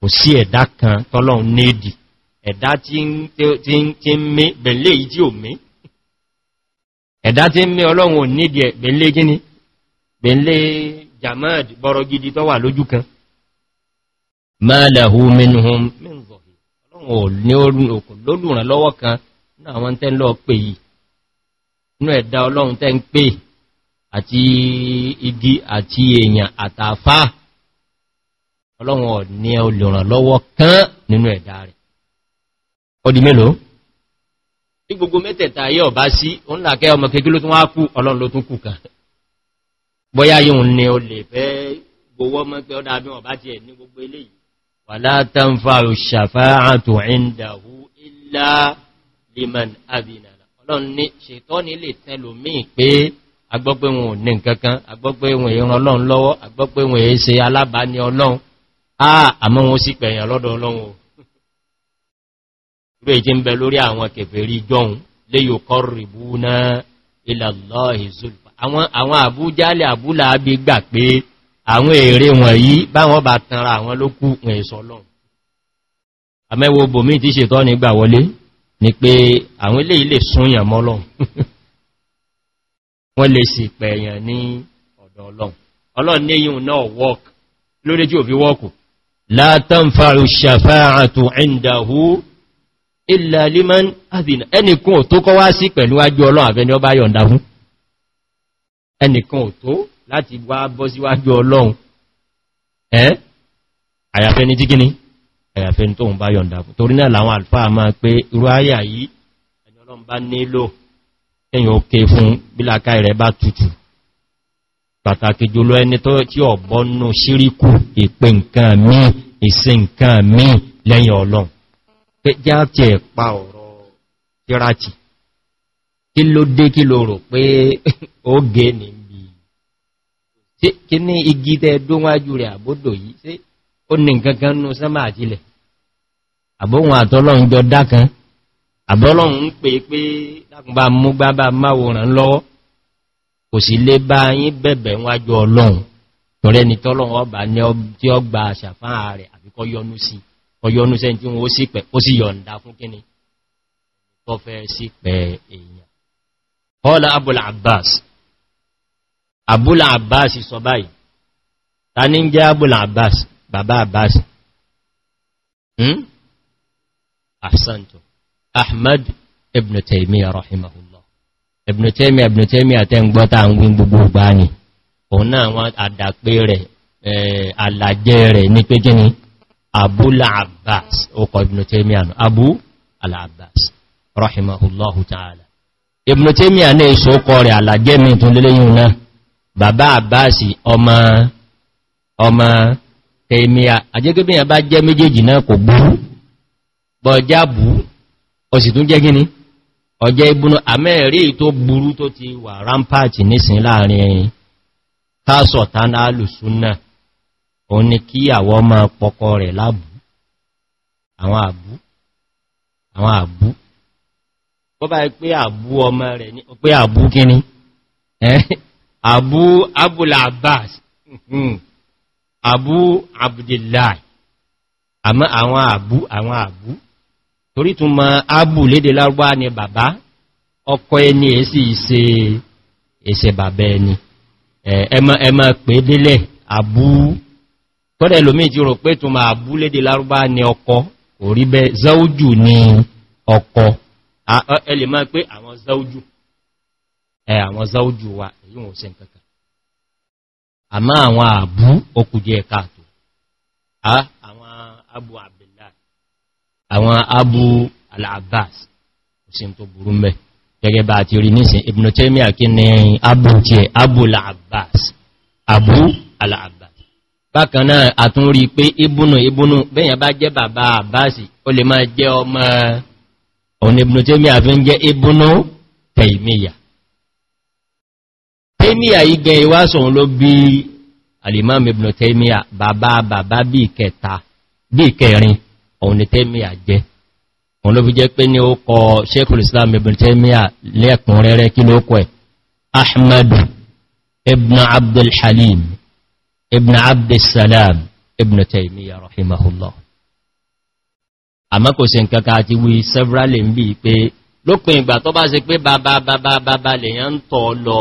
kò sí ẹ̀dá kan tọ́lọ́un néèdì ẹ̀dá tí ń mé bẹ̀lẹ̀ yìí tí ò mé ẹ̀dá tí ń mé ọlọ́run ò nídìí ẹ̀ bẹ̀lẹ̀ gíní bẹ̀lẹ̀ jamad bọ́rọ̀ gidi tọ́wà lójú kan mẹ́lẹ̀hú minhum ọlọ́run ò ní ọlọ́run ò ní olùrànlọ́wọ́ kan nínú ẹ̀dá rẹ̀ ọdí mélòó ní gbogbo mẹ́tẹ̀ẹ̀ta ayé ọ̀bá sí òun làkẹ́ ọmọ kejì ló tún wá kú ọlọ́run ló tún kù kan bóyá yíò ní o lè fẹ́ gbowó mọ́ pé ọdá bí ọ̀bá ti ẹ̀ ní gbogbo eléyìí wala ò ní nǹkankan agbọ́pẹ́ wọn ọlọ́run lọ́wọ́ agbọ́pẹ́ èé ṣe alábàání ọlọ́run àmọ́ wọn sì pẹ̀yàn lọ́dọ̀ ọlọ́run o rẹ̀ jí ń bẹ lórí àwọn kèfèrí jọun lè yóò kọ́ rìbú náà ilallahi zulfa àwọn àbújálẹ̀ àbúlàábí gbà pé àwọn èrè wọ̀nyí báwọn bá tanra àwọn lókù wọn ìsọlọ́run àmẹ́wò bòmí ni pé àwọn ilé ilé súnyàn mọ́lọ́run wọ́n lè sì pẹ̀yàn ní ọ̀dọ̀ ọlọ́run ọlọ́run ní yíò náà wọ́ọ̀kù lórí tí ò fi wọ́ọ̀kù la tanfa'u shafa'atu 'indahu illa liman adhina ẹnìkan ò tó kọ́ wá sí pẹ̀lú wájú Ọlọ́run àfẹ́ni ọba yọ̀nda fún ẹnìkan ò tó láti wá bọ́ sí wájú Ọlọ́run ẹ́ àyàfẹ́ni tí gíní àyàfẹ́ni tó ń bá yọ̀nda fún torí náà làwọn àlfáà máa pé irú ayà yìí ẹni Ọlọ́run bá nílò ẹ̀yìn òkè fún bílàkà rẹ̀ bá tutù pàtàkì jùlọ ẹni tó tí ọ bọ́nú síríkù ìpe nǹkan mí ìse nǹkan mí lẹ́yìn ọlọ́run pé já ti ẹ̀ pa ọ̀rọ̀ tíráti kí ló dé kí ló rò pé ó gẹ́ ní kí ní igi tẹ́ dúnwájú rẹ̀ àbódò yìí sí ó ní nǹkankan nú àbóhun kò sì lè bá yín bẹ̀bẹ̀ wájú ọlọ́run tọ́rẹ ni tọ́lọ́run ọba ní tí ó gba àṣàfáà rẹ̀ àbí kọ́ yọnú sí kọ́ yọnú sẹ́ tí wọ́n sì pẹ̀ ó sì yọ̀ǹda fún kíni tó fẹ́ sí pẹ̀ èèyàn kọ́lá abúlà abbas abúlà abbas sọ báyìí ta ní hmm? ahmad ibn taymiyyah rahimahullah ẹ̀bùnùtẹ́mì ẹ̀bùnùtẹ́mì àtẹ́ǹgbọ́ta ń gbín gbogbo ìgbà ní òun náà wọ́n àdàpé rẹ̀ alàjẹ́ eh, rẹ̀ ní pé gíní abu al ọkọ̀ ẹ̀bùnùtẹ́mì ànà abu al-abbas rahimahullahu ta'ala ẹ̀bùnùtẹ́mì ànà èso ọkọ̀ rẹ̀ alàjẹ́ mi tún lélẹ́yìn náà bàbá abbas ọmọ ọmọ tẹ́mìà àjẹ́gẹ́bìyàn bá jẹ́ méjèèjì náà kò burú bọ̀jábù ọjẹ́ ibùnú àmẹ́rí tó burú tó ti wà rampart nísìn láàrin tásọ̀tá náà lùsúnnà o ní kí àwọn ọmọ pọkọ rẹ̀ lábú àwọn àbú àwọn àbú bọ́ bá pé àbú ọmọ rẹ̀ ní pé àbú kíní àbú abul abbas hmm. àbú abdullahi àmọ́ àwọn àbú àwọn àbú torí tún ma ábù lédè lárúbá ní bàbá ọkọ ẹni èsì ìse èsè bàbá ẹni ẹmọ pè délẹ̀ àbú tọ́dẹ̀ lómi ti rò pé tún ma àbú lédè lárúbá ní ọkọ kò rí bẹ́ záójù ní ọkọ ẹlè máa pé àwọn záójù wa èyí wọn ṣe nǹkankan àmá àwọn àbú okùnjẹ ẹ̀ka àtò àwọn àbú àbú àwọn abu al-abbas kò sí tó burú mẹ́ gẹ́gẹ́ bá ti rí nísìn ibn taymiya kí ni abu jẹ́ abu al-abbas abu al-abbas bákan náà àtún rí pé ibùnù ibùnù bẹ́yàn bá jẹ́ bàbá abbas ó lè máa jẹ́ ọmọ ọ̀nà ibn taymiya fi ń jẹ́ ibùnù taymiya taymiya yìí bí kẹrin òun ni tẹ́míà jẹ́ òun ló fi jẹ́ pé ní ó kọ sheikul islam ibn tẹ́míà lẹ́kùn rẹ́rẹ́ kí ló kọ́ ẹ̀ ahmadu ibn abdul halim ibn abdul salam ibn tẹ́míà rahimahullah àmọ́ kò sí nǹkan káàkiri wí several ń bí pé lópin ìgbà tó bá ṣe pé bàbá bàbá bàbá lèyàn ń tọ́ lọ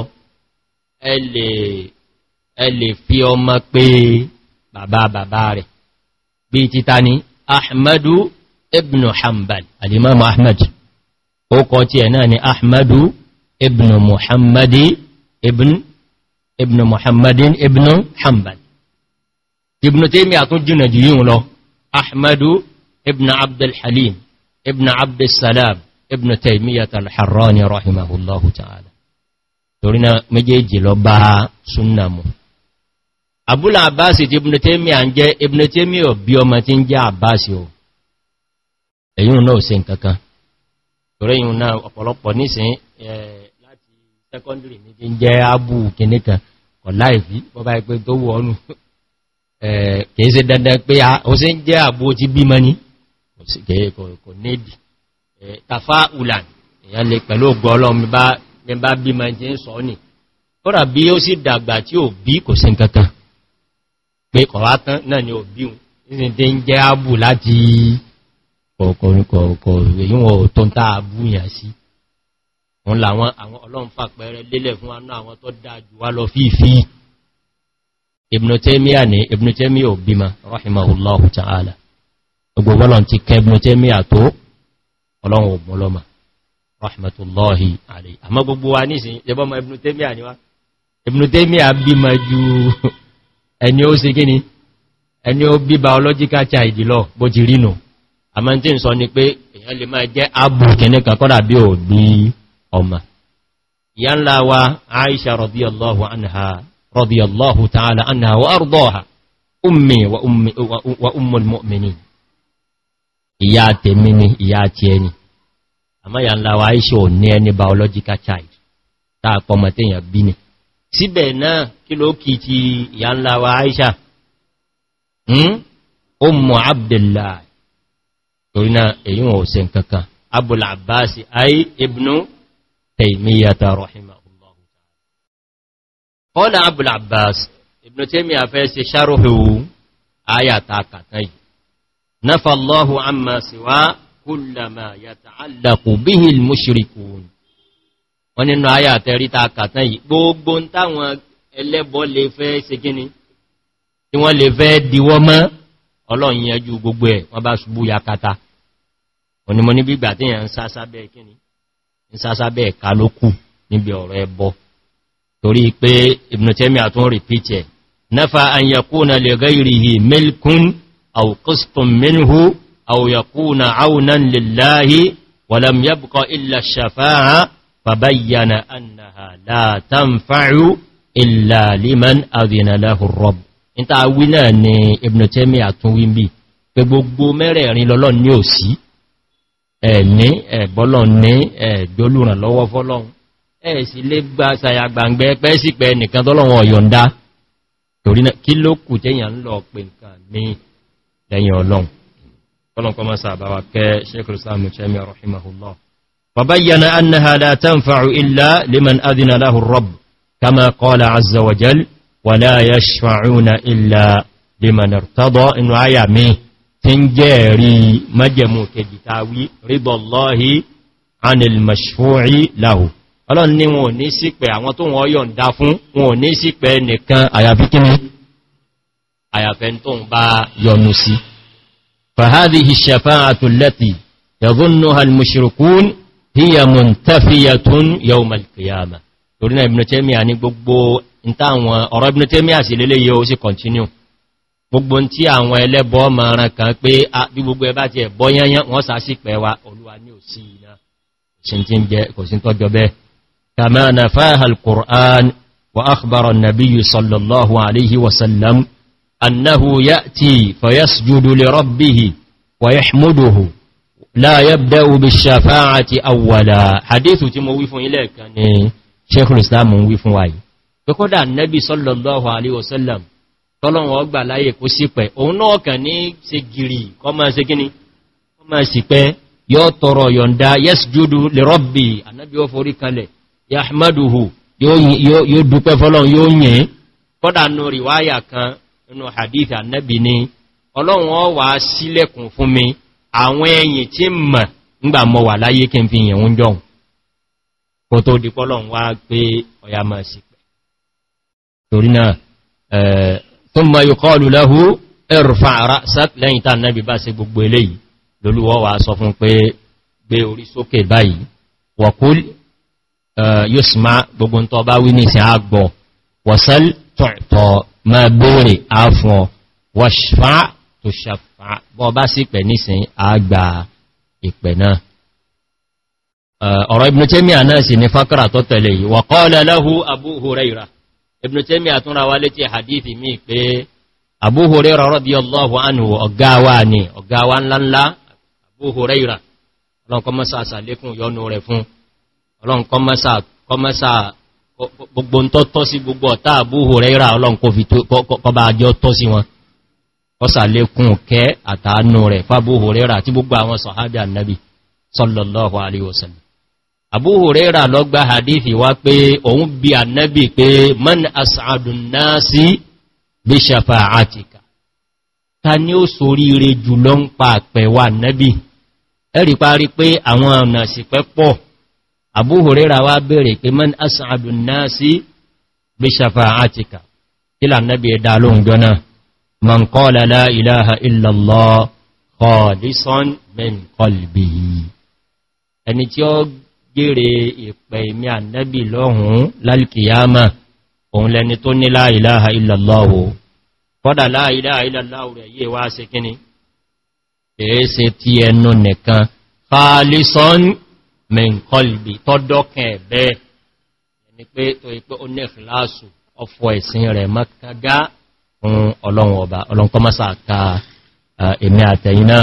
ẹ lè fi ọmọ pé bàbá rẹ̀ bí títà ní ahmadu ibn hanbal alimamu ahmad ó kọ tí ẹ̀ náà ni ahmadu ibn muhammadi ibn ibn muhammadin ibn hanbal ibn taymi àtún jìnà jù yíò lọ ahmadu ibn abdulhalim ibn abdulsalam ibn taymiyat al-harrani rahimahullahu ta'ala torí náà méjèèjì lọ bá súnnà mu abúlà àbáṣì ti ibùn tẹ́mì à ń jẹ́ ibùn tẹ́mì ò bí ọmọ tí ń jẹ́ àbáṣì ò èyí náà ṣe nǹkankan torí yìí náà ọ̀pọ̀lọpọ̀ nísìn láti secondary ní ti ń jẹ́ ábù kìnníkan kọ̀ láìfí bọ́bá ipé tó wù kìí ṣe dandan pé ó sì ulan èyàn lè pẹ̀lú ògbọ́ ọlọ́run bá bímọ jẹ́ sọ́ọ̀nì kọ́rà bí ó dàgbà tí ò bí kò sí nǹkankan pé kọ̀wátán náà ni òbíun ìsìn tí ń jẹ́ ábù láti kọ̀ọ̀kọ̀ ìwọ̀n tó ń tàà búyàn sí wọn làwọn àwọn ọlọ́run fàpẹẹrẹ lélẹ̀ fún anú àwọn tó dájú wá lọ fífí Ibn Taymiyyah ní Ibn Taymiyyah rahimahullahu ta'ala gbogbo ọlọ́run ti kẹ Ibn Taymiyyah tó ọlọ́run ò mọ́lọ́mà rahmatullahi alayhi àmọ́ gbogbo wa nísìn ẹbọ́mọ ju ẹni ó ṣe gíní ẹni ó bí biological child lọ bó ti rínú àmọ́ tí ń sọ ni pé èyàn lè máa jẹ́ abu kìíní kankọ́dà bí ò bí ọmọ ìyá ńlá wa Aisha radiyallahu anha radiyallahu ta'ala anha wa ardaha ummi wa ummi wa ummul mu'minin ìyá tèmi ni ìyá ti ẹni wa Aisha ò ní biological child táàpọ̀ mọ̀ tèèyàn bí síbẹ̀ náà kí ló kì ti ìyá ńlá wa Aisha hmm? Ummu Abdillah torí náà èyí wọn ò ṣe nǹkankan Abul Abbas ayé ibnu Taymiyyata rahimahullahu qala Abul Abbas ibnu Taymiyyah fẹ́ ṣe ṣarúhù ayata kàtà yìí nafa Allahu amma siwa kullama yata'allaqu bihi al-mushrikun wọ́n nínú ayà àtẹríta kàtán yìí gbogbo ń táwọn ẹlẹ́bọ lè fẹ́ ṣe kíni tí wọ́n lè fẹ́ diwọ́ mọ́ ọlọ́run yanjú gbogbo ẹ̀ wọ́n bá ṣubú yakata onímọ̀ ní gbígbà tí yàn ń sásábẹ́ kíni níbi ọ̀rọ̀ ẹbọ torí pé Ibn Taymiyyah fàbáyàna annaha látàmfàáyú ìlà liman àdínàláhù rọ̀bù. in ta wí náà ni ibn tẹ́mì àtúnwí bí pé gbogbo mẹ́rẹ̀ẹ̀rin lọ́lọ́ ní òsí ẹ̀ní ẹ̀bọ́lọ̀ ní ẹ̀gbólùràn lọ́wọ́ fọ́lọ́run ẹ̀ẹ̀sì lè gba sàyàgbàǹgbẹ́ pẹ́ sí pẹ́ nìkan tọ́lọ́wọ́ ọ̀yọ̀ndá torí náà kí ló kù tẹ́yàn lọ pè nǹkan ní lẹ́yìn ọlọ́run فبين أنها لا تنفع إلا لمن أذن له الرب كما قال عز وجل ولا يشفعون إلا لمن ارتضى إن آيامي تنجيري مجمو كجتاوي رضا الله عن المشفوع له ọlọ́run ní wọn ò ní sí pẹ̀ àwọn tó wọ́n yọ̀ ń dá fún wọn ò ní sí pẹ̀ nìkan àyàfi kí ní àyàfẹ́ tó ń bá yọnu sí fàhádìí ṣẹ̀fà àtúlẹ́tì yàgùn náà al-mushrikun hiya muntafiyatun yawmal qiyamah torí náà Ibn Taymiyyah ní gbogbo ìta àwọn ọ̀rọ̀ Ibn Taymiyyah sí lélé yóò sí continue gbogbo tí àwọn ẹlẹ́bọ mara kan pé bí gbogbo ẹbá ti ẹ̀bọ́ yányán wọ́n sá sí pẹ̀wà olúwa ní òsì iná kò sí tọ́jọ bẹ́ẹ̀ kama nafaha al wa akhbara an-nabiyyu sallallahu alayhi wa sallam annahu ya'ti fayasjudu li rabbihi wa yahmaduhu la yabda'u bish-shafa'ati awwala hadithu tí mo wí fún ilẹ̀ kan ni sheikhul islam ń wí fún wa yìí pé kódà nabi sallallahu alaihi wasallam tọ́lọ́wọ́ gbà láyé kó sípẹ̀ òun náà kàn ní ṣe gìrì kọ́ máa ṣe kíní kọ́ máa sípẹ́ yóò tọrọ yọ̀nda yasjudu li rabbi anábi ó forí àwọn ẹ̀yìn tí mọ̀ ńgbà mọ̀ wà láyé kí n fi yìn ń jọun kò tó di pọ́lọ̀n wá pé ọya mọ̀ sí pẹ̀ torí náà tó mọ̀ yóò kọlù lẹ́hu ẹrùfà ara sátìlẹ́yìn tàn náà bí bá ṣe gbogbo eléyìí lolúwọ́ wà tọ̀tọ̀ máa bóòrè àfọ̀ tó ṣàfù bọ́ bá sí pẹ̀ nísìn àgbà ìpẹ̀ náà ọ̀rọ̀ Ibn Taymiyyah náà sì ní fákàrà tó tẹ̀lé yìí wa qala lahu Abu Hurairah Ibn Taymiyyah tún ra wá létí hadithi mi pé Abu Hurairah radiyallahu anhu ọ̀gá wa ni ọ̀gá wa ńláńlá Abu Hurairah ọlọ́nkọ́ mọ́sá sàlékún yọnu rẹ̀ fún ọlọ́nkọ́ mọ́sá gbogbo Abu Hurairah ọlọ́nkọ́ fi kọba àjọ ọsàlékún kẹ́ àtàánú rẹ̀ fábú horera tí gbogbo àwọn sọ̀hábí annabi sallallahu alaihi wasallam abu horera lọ gba hadithi wá pé òun bí annabi pé man as'adun nasi bi shafa'atika ta ni ó sorí re jùlọ ń pa àpẹwà annabi ẹ̀rì parí pé àwọn ọ̀nà abu horera wá bèèrè pé nasi bi shafa'atika kí lànàbí ẹ̀dà lóhun jọ من قال لا إله إلا الله خالصا من قلبه ẹni tí ó gèrè ìpẹ̀ ìmí ànẹ́bì lọ́hun lálìkìyàmà òun lẹni tó ní láìláha ìlàláwò kọ́dà láìláha ìlàláwò rẹ̀ yíè wá sí kíní èése tí ẹnu nìkan fàálísọ́n mẹ́kọlbì tọ́dọ́kẹ̀ bẹ́ẹ̀ fún ọlọ́run ọba ọlọ́nkọ́ mọ́sá ka èmì àtẹ̀yìnà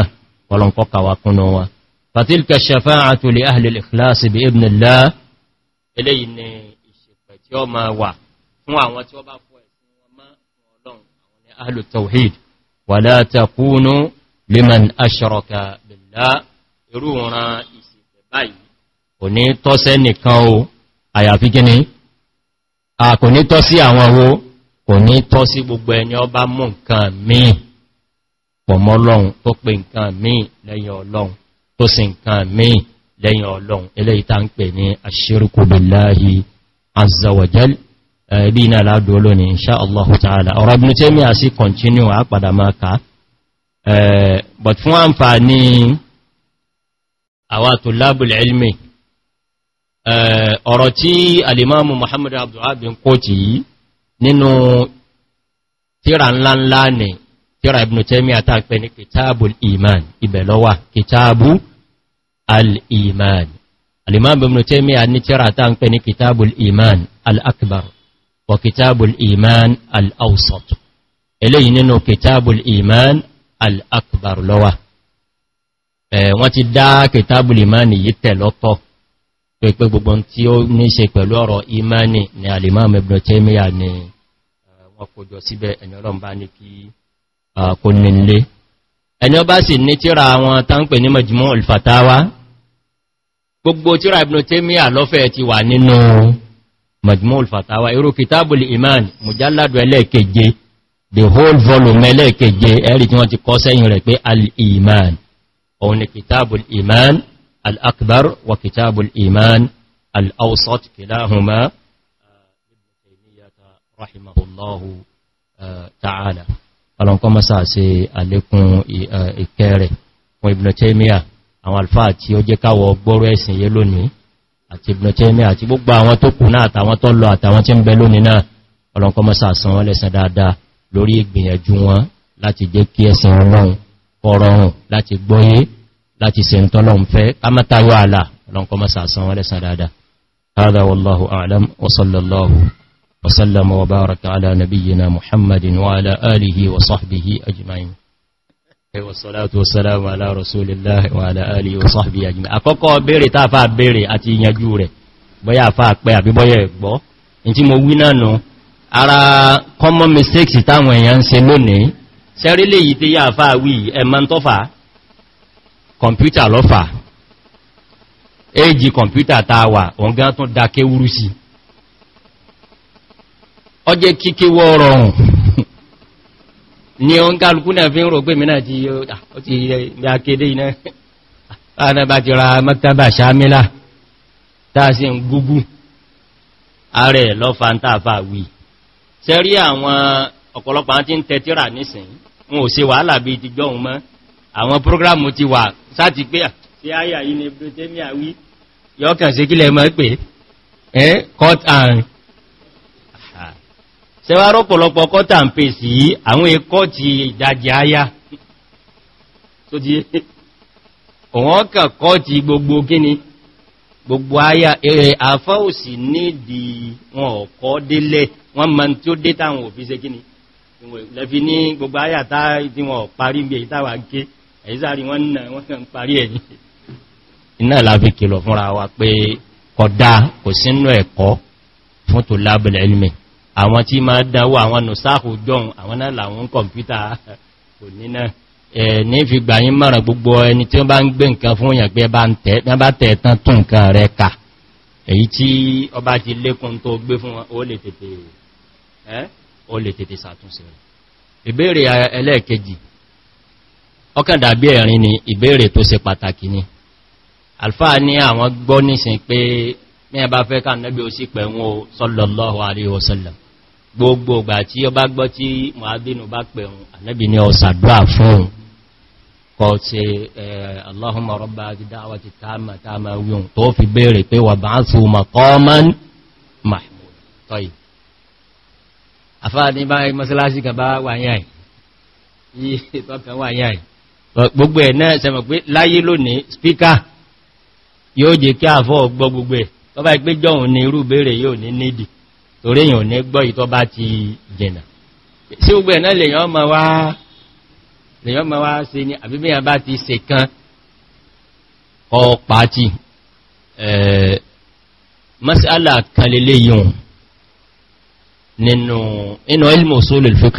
ọlọ́nkọ́ kàwà kúnnà wọn fatilka shafa'atu li ahli al-ikhlas bi ibn Allah eléyìí ni ìṣẹ̀pẹ̀ tí ó máa wà fún àwọn tí ó bá fọ́ ẹ̀sìn wọn mọ́ ọlọ́run àwọn ni kò ní tọ́ sí gbogbo ẹni ọba mú nǹkan míì pọ̀mọ́ ọlọ́run tó pe nǹkan míì lẹ́yìn ọlọ́run tó sì nǹkan míì lẹ́yìn ọlọ́run eléyìí tá ń pè ní aṣíríkù billahi azza wa jal ẹbí iná aládò olóni ta'ala ọ̀rọ̀ Ibn Taymiyyah continue a padà máa ká but fún àǹfààní àwa tulabul alimamu Muhammad Abdul Wahhab kó ti nínú tíra ńláńlá ní tíra ibn taymiya àtàpẹ ní kìtàbù al-iman ibẹ̀ ló wà kìtàbù al-iman al-imam ibn taymiya ní tíra àtàpẹ ní kìtàbù al-iman al-akbar wa kìtàbù al-iman al-awsat eléyìí nínú kìtàbù al-iman al pẹ̀pẹ̀ gbogbo tí ó ní ṣe pẹ̀lú ọ̀rọ̀ imani ni alimam ibn taimiyya ni eh, wọ́n kójọ síbẹ̀ ẹni ọlọ́run bá ní kí eh, kó nílé ẹni ọba sì ní tíra àwọn tánpẹ̀ ní majmu' al-fatawa gbogbo tíra ibn taimiyya lọ́fẹ́ ti wà nínú majmu' al-fatawa irú kitabul iman mujalladu ẹlẹ́ẹ̀keje the whole volume ẹlẹ́ẹ̀keje ẹ̀rí tí wọ́n ti kọ́ sẹ́yìn rẹ̀ pé al-iman òun ni kitabul iman الأكبر وكتاب الإيمان الأوسط كلاهما رحمه الله تعالى ọlọ́nkọ́ masá sí àlékún ìkẹ́ rẹ̀ àwọn alfáà tí ó jẹ́ káwọ gbọ́rọ̀ ẹ̀sìn yé lónìí àti Ibn Taymiyyah àti gbogbo àwọn tó kù náà àtàwọn tó lọ àtàwọn tí ń bẹ lónìí náà ọlọ́nkọ́ masá wọ́n lẹ́san dáadáa lórí ìgbìyànjú wọn láti jẹ́ kí ẹ̀sìn Ọlọ́run láti se ń tọ́lọ́un fẹ́ amátayọ́ àlà lọ́nkọ́ masà san wọ́n lẹ́sàn dáadáa هذا والله أعلم وصلى الله وسلم وبارك على نبينا محمد وعلى آله وصحبه أجمعين والصلاة والسلام على رسول الله وعلى آله وصحبه أجمعين أقوقع بيري تافع بيري أتي يجوري bọ́yá àfáà pẹ́ àbí bọ́yá ẹ̀gbọ́ in tí mo wí náà nù ara common mistakes táwọn èèyàn ń se lónìí sẹ́rílẹ̀ yìí tí yá àfáà wí ẹ̀mọ́ kọmpútà lọ́fà éjì kọmpútà ta wà òun gán tún da kéwúrú sí ọjẹ́ kíkéwọ́ rọrùn ni òun kálukú náà fi ń rò pé mìíràn ti ah, yá kéde iná ana ah, bá ti ra maktaba shamila ta si n gugu are lo fanta fa wi ṣe rí àwọn ọ̀pọ̀lọpọ̀ tí ń tẹtíra nísìn wọn ò se wàhálà bí ti jọun mọ́ àwọn prógrámù ti wà sáti pé tí àyà yìí ni britannia wí yọ́kàn sí kílẹ̀ mọ́ pé ẹ́ cut and sẹwà rọ́pọ̀lọpọ̀ cut and paste yìí àwọn ikọ́ ti ìdajì àyà tó di òwọ́n kàn kọ́ ti gbogbo kíni gbogbo àyà ẹ̀rẹ̀ àfá òsì nídìí wọn ọ̀kọ́ délẹ̀ wọ́n ma tí ó dé táwọn òfin ṣe lẹ́fi ní gbogbo àyà tí wọn parí gbé ìtawà gé ẹ̀zárí wọ́n náà wọ́n kàn parí ẹ̀yìn iná láfi kìlọ̀ fúnra wa pé kọ̀dá kò sínú ẹ̀kọ́ fún tó lábẹ̀lẹ̀ ilmi àwọn tí máa dánwò àwọn nùsáàkù jọun àwọn náà làwọn kọ̀mpútà kò nínà ẹ̀ ní fi gbà yín mọ́ràn gbogbo ẹni tí ó bá ń gbé nǹkan fún òyàn pé bá tẹ̀ tán tún nǹkan rẹ̀ kà èyí tí ọba ti lékún tó gbé fún ó lè tètè ṣàtúnṣe rẹ̀ ìbéèrè ẹlẹ́ẹ̀kejì ọkàn dàbí ẹ̀rin ni ìbéèrè tó ṣe pàtàkì ni alfa ní àwọn gbọ́ nísìn pé mẹ́ẹ̀ bá fẹ́ ká nẹ́bí ó sì pẹ̀ wọn sallallahu alaihi wasallam gbogbo ìgbà tí ó bá gbọ́ tí mọ̀ádínú bá pẹ̀rún ànẹ́bì ní ọ̀sàdúrà fún kọ tí Allahumma rabba ad-da'wati tamma tamma wíhun fi béèrè pé wa ba'athu mahmud tọ́yì afáà ní bá mọ́sálásí kan bá wà yáì yìí tọ́kan wà yáì gbogbo ẹ̀ náà sẹ́mọ̀ pé láyé lónìí spíkà yóò jẹ́ kí àfọ́ gbọ́ gbogbo ẹ̀ tó bá gbé jọun ni irú bèèrè yóò ní nídì torí èyàn ní gbọ́ ìtọ́ bá ti jìnà sí gbogbo ẹ̀ náà lèyàn ma wá ṣe ni àbíbíyàn bá eh, ilmu usulul fiqh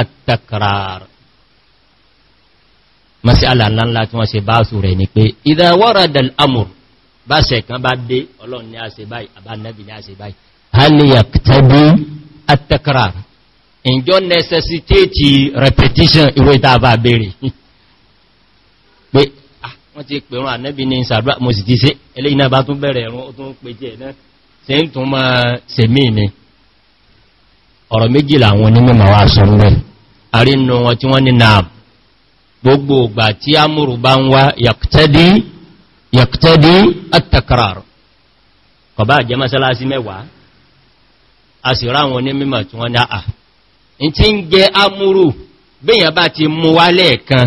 at-takrar mas'ala ńláńlá tí wọ́n ṣe bá sù rẹ̀ ni pé idha warada al-amr bá ṣẹ̀ kan bá dé ọlọ́run ní àṣẹ báyìí àbánẹ́bì ní àṣẹ báyìí hal yaktabi at-takrar ìjọ necessitate repetition ìwé tàbà bèèrè pé ah, wọ́n ti pèrún ànẹ́bì ní ìsàdúrà mo sì ti ṣe eléyìí náà bá tún bẹ̀rẹ̀ ẹ̀rùn ó tún pè jẹ́ náà ṣe ń tún máa ṣe mí ni ọ̀rọ̀ méjìlá àwọn onímọ̀ wá sọ ń àrínú wọn tí wọ́n ní náà gbogbo ìgbà tí a múrù bá ń wá yàktẹ́dí àtàkàràrù kọ̀bá jẹ́ mọ́sálásí mẹ́wàá a sì rá wọn ní mímọ̀ tí wọ́n náà in ti ń jẹ́ amúrù bíyàn bá ti mú wá lẹ́ẹ̀kan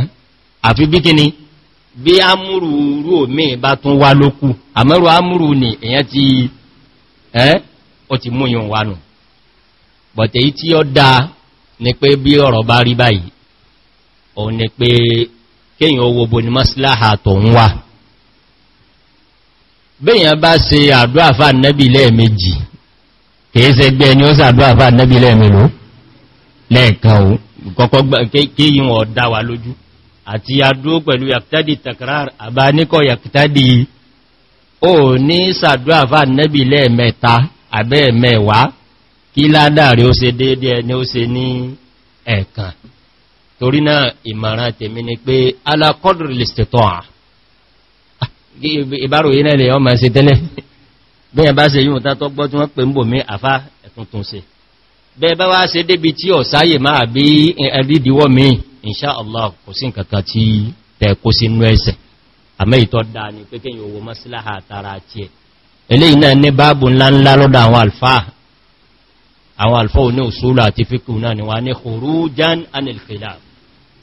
àfi bí kíni bí amúrù rú omi bá tún wá lókù àmẹ́rù amúrù ni èyàn ti ẹ́ ọ ti múyàn wánu bọ̀tẹ̀ yí tí ó dáa ni pé bí ọ̀rọ̀ bá rí báyìí o ni pé kíyàn owó bo ni maslaha tó ń wà bíyàn bá ṣe àdúrà fà nẹ́bì lẹ́ẹ̀mejì kìí ṣe gbẹ́ ni ó sàdúrà fà nẹ́bì lẹ́ẹ̀mejì lẹ́ẹ̀kan o kọ́kọ́ kíyàn ọ̀dá wa lójú àti adúó pẹ̀lú yàktádì takrar àbáníkọ̀ yàktádì o ní sàdúrà fà nẹ́bì lẹ́ẹ̀mẹ́ta àbẹ́ẹ̀mẹ́wàá kí ládàrí ó ṣe déédé ẹni ó ṣe ní ẹ̀kan torí náà ìmọ̀ràn tèmi ni pé alákọ́dùrù lè ṣètọ́ à ìbárò yìí náà lè ọmọ ẹ̀ṣẹ̀ tẹ́lẹ̀ bẹ́ẹ̀ bá ṣe yíò tátọ́ gbọ́ tí wọ́n pè ń bò mí àfá ẹ̀tuntun ṣe bẹ́ẹ̀ bá wá ṣe débi tí ọ̀sáyè máa bí ẹ̀rídìwọ́ mi inṣá Allah kò sí nǹkankan tí tẹ̀kó sínú ẹ̀ṣẹ̀ àmẹ́ ìtọ́ dáa ni pé kéyìn àwọn alfọ́ ní òṣòlò àti fíkù náà ni wà ní khurujan anil khilaf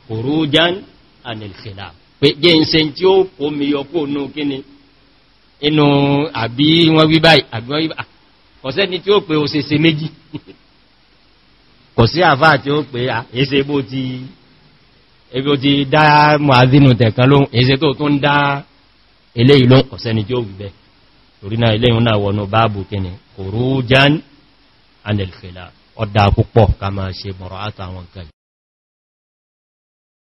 khurujan anil khilaf pé jẹ́ ìṣẹ́ tí ó kó mi yọkó ní kíni inú àbí wọ́n wí báyìí àbí wọ́n wí báyìí kọ̀sẹ́ ni tí ó pé òṣèṣe méjì kọ̀sí àfá àti ó pé èṣe bó ti ebi ti dá mọ̀ázínú tẹ̀kan lóhun èṣe tó tún dá eléyìí lóhun kọ̀sẹ́ni tí ó wù bẹ́ torí náà eléyìí náà wọnú báàbù kíni khurujan anil khilaf ọ̀dá púpọ̀ ká máa ṣe mọ̀rọ̀ àtàwọn nǹkan